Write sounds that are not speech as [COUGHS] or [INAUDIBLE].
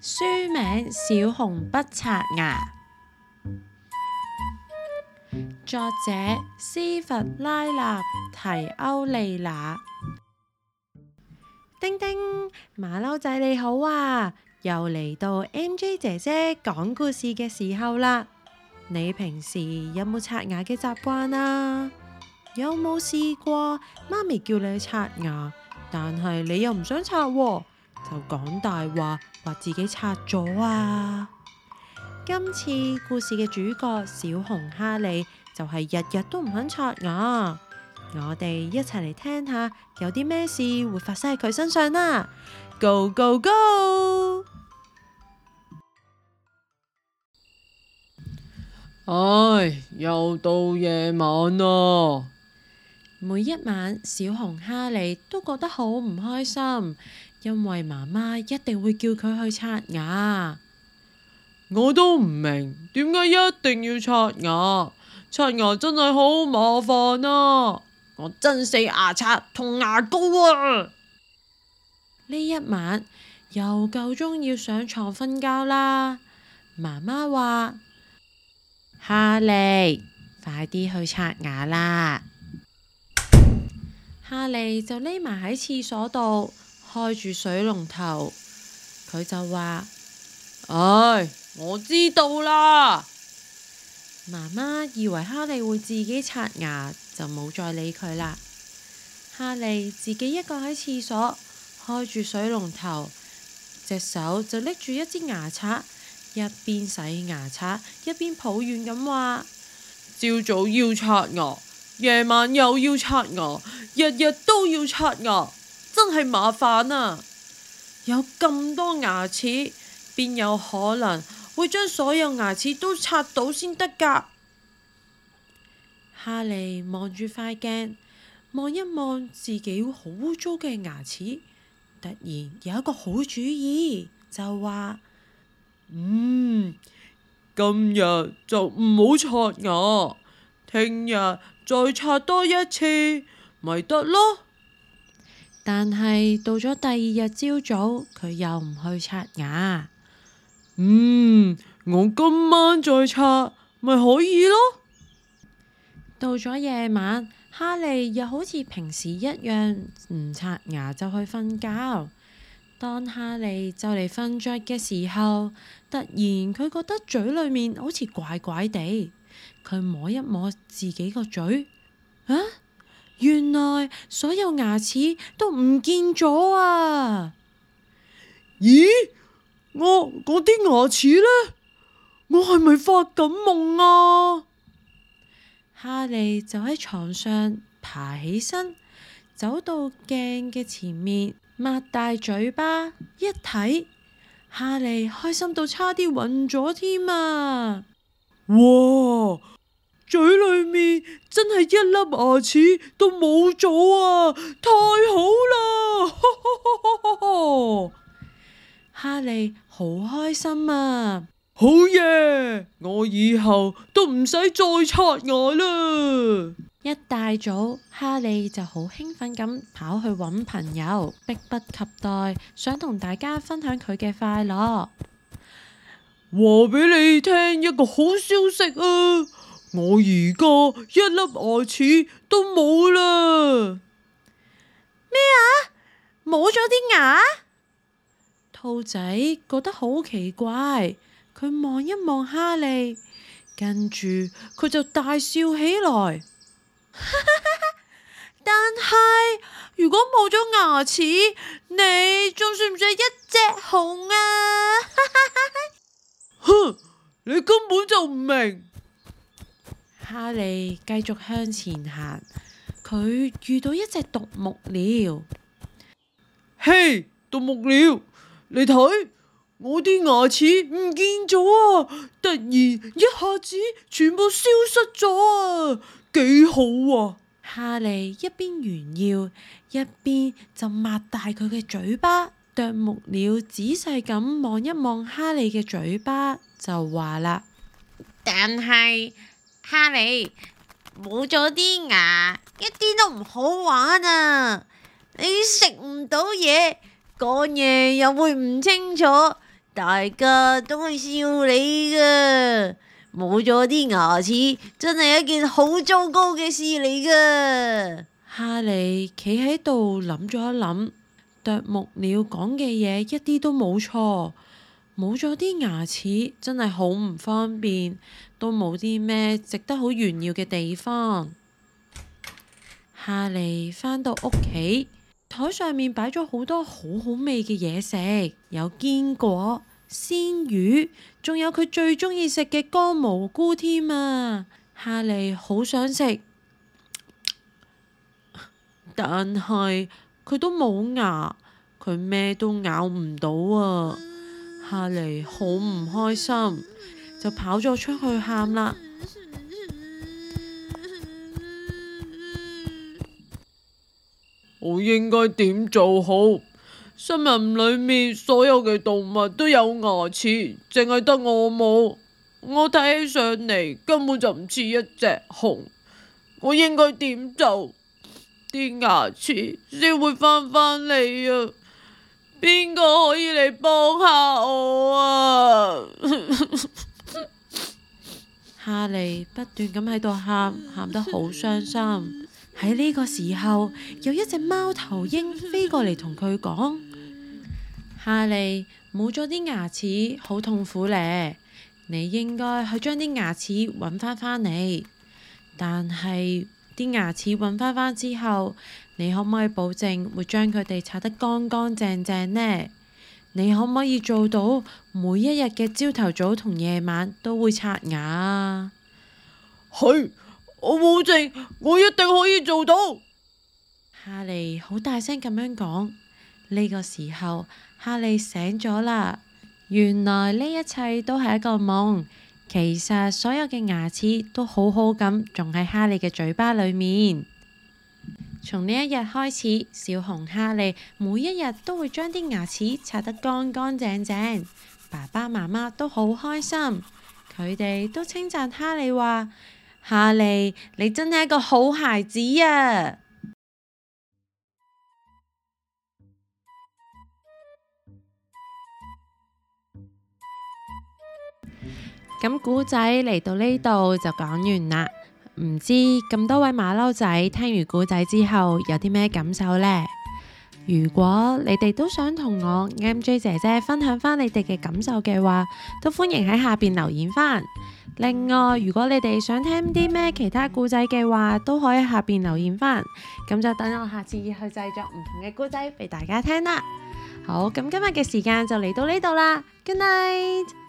書名《小熊不刷牙》，作者斯伐拉納提歐利那。丁丁馬騮仔你好啊，又嚟到 MJ 姐姐講故事嘅時候啦。你平時有冇刷牙嘅習慣啊？有冇試過媽咪叫你去刷牙，但係你又唔想刷啊？就講大話，話自己刷咗啊！今次故事嘅主角小熊哈利就係日日都唔肯刷牙，我哋一齊嚟聽下有啲咩事會發生喺佢身上啦！Go go go！唉、哎，又到夜晚啦，每一晚小熊哈利都覺得好唔開心。因為媽媽一定會叫佢去刷牙，我都唔明點解一定要刷牙，刷牙真係好麻煩啊！我憎死牙刷同牙膏啊！呢一晚又夠鐘要上床瞓覺啦，媽媽話：哈利，快啲去刷牙啦！ [COUGHS] 哈利就匿埋喺廁所度。開住水龍頭，佢就話：，唉、哎，我知道啦。媽媽以為哈利會自己刷牙，就冇再理佢啦。哈利自己一個喺廁所，開住水龍頭，隻手就拎住一支牙刷，一邊洗牙刷，一邊抱怨咁話：，朝早要刷牙，夜晚又要刷牙，日日都要刷牙。真係麻煩啊！有咁多牙齒，邊有可能會將所有牙齒都刷到先得噶？哈利望住塊鏡，望一望自己好污糟嘅牙齒，突然有一個好主意，就話：嗯，今日就唔好刷牙，聽日再刷多一次，咪得咯。但係到咗第二日朝早，佢又唔去刷牙。嗯，我今晚再刷，咪可以咯。到咗夜晚，哈利又好似平時一樣唔刷牙就去瞓覺。當哈利就嚟瞓着嘅時候，突然佢覺得嘴裏面好似怪怪地。佢摸一摸自己個嘴，啊！原來所有牙齒都唔見咗啊！咦？我嗰啲牙齒呢？我係咪發緊夢啊？哈利就喺床上爬起身，走到鏡嘅前面，擘大嘴巴一睇，哈利開心到差啲暈咗添啊！哇！嘴裏面真係一粒牙齒都冇咗啊！太好啦！ [LAUGHS] 哈利好開心啊！好嘢！我以後都唔使再刷牙啦。一大早，哈利就好興奮咁跑去搵朋友，迫不及待想同大家分享佢嘅快樂。話俾你聽一個好消息啊！我而家一粒牙齒都冇啦！咩啊？冇咗啲牙？兔仔覺得好奇怪，佢望一望哈利，跟住佢就大笑起來。 [LAUGHS] 但係如果冇咗牙齒，你仲算唔算一隻熊啊？哼！ [LAUGHS] [LAUGHS] 你根本就唔明。哈利繼續向前行，佢遇到一隻啄木鳥。嘿，啄木鳥，你睇我啲牙齒唔見咗啊！突然一下子全部消失咗啊，幾好啊！哈利一邊炫耀，一邊就擘大佢嘅嘴巴，啄木鳥仔細咁望一望哈利嘅嘴巴，就話啦，但係。哈利冇咗啲牙，一啲都唔好玩啊！你食唔到嘢，講嘢又會唔清楚，大家都會笑你㗎。冇咗啲牙齒，真係一件好糟糕嘅事嚟㗎。哈利企喺度諗咗一諗，啄木鳥講嘅嘢一啲都冇錯。冇咗啲牙齒，真係好唔方便，都冇啲咩值得好炫耀嘅地方。哈利返到屋企，台上面擺咗好多好好味嘅嘢食，有堅果、鮮魚，仲有佢最中意食嘅乾蘑菇添啊！哈利好想食，但係佢都冇牙，佢咩都咬唔到啊！哈利好唔開心，就跑咗出去喊啦。我應該點做好？森林裏面所有嘅動物都有牙齒，淨係得我冇。我睇起上嚟根本就唔似一隻熊。我應該點做？啲牙齒先會翻返嚟啊？邊個可以嚟幫下我啊？ [LAUGHS] 哈利不斷咁喺度喊，喊得好傷心。喺呢個時候，有一隻貓頭鷹飛過嚟同佢講：「哈利，冇咗啲牙齒，好痛苦咧。你應該去將啲牙齒揾翻返嚟，但係，啲牙齒揾返返之後，你可唔可以保證會將佢哋刷得乾乾淨淨呢？你可唔可以做到每一日嘅朝頭早同夜晚都會刷牙啊？係，我保證，我一定可以做到。哈利好大聲咁樣講。呢個時候，哈利醒咗啦。原來呢一切都係一個夢。其實所有嘅牙齒都好好咁，仲喺哈利嘅嘴巴裏面。從呢一日開始，小熊哈利每一日都會將啲牙齒刷得乾乾淨淨。爸爸媽媽都好開心，佢哋都稱讚哈利話：哈利，你真係一個好孩子啊！咁古仔嚟到呢度就講完啦，唔知咁多位馬騮仔聽完古仔之後有啲咩感受呢？如果你哋都想同我 MJ 姐姐分享翻你哋嘅感受嘅話，都歡迎喺下邊留言翻。另外，如果你哋想聽啲咩其他古仔嘅話，都可以下邊留言翻。咁就等我下次去製作唔同嘅古仔俾大家聽啦。好，咁今日嘅時間就嚟到呢度啦。Good night。